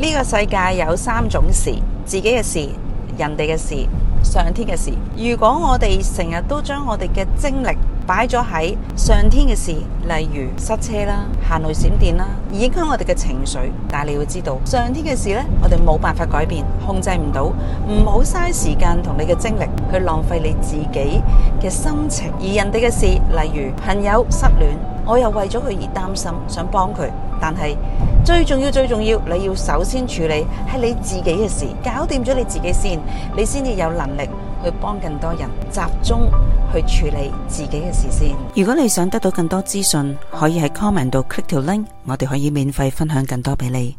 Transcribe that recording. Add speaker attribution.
Speaker 1: 呢個世界有三種事：自己嘅事、人哋嘅事、上天嘅事。如果我哋成日都將我哋嘅精力擺咗喺上天嘅事，例如塞車啦、行雷閃電啦，影響我哋嘅情緒。但係你會知道，上天嘅事呢，我哋冇辦法改變，控制唔到，唔好嘥時間同你嘅精力去浪費你自己嘅心情。而人哋嘅事，例如朋友失戀，我又為咗佢而擔心，想幫佢，但係。最重要最重要，你要首先處理係你自己嘅事，搞掂咗你自己先，你先至有能力去幫更多人，集中去處理自己嘅事先。
Speaker 2: 如果你想得到更多資訊，可以喺 comment 度 click 條 link，我哋可以免費分享更多畀你。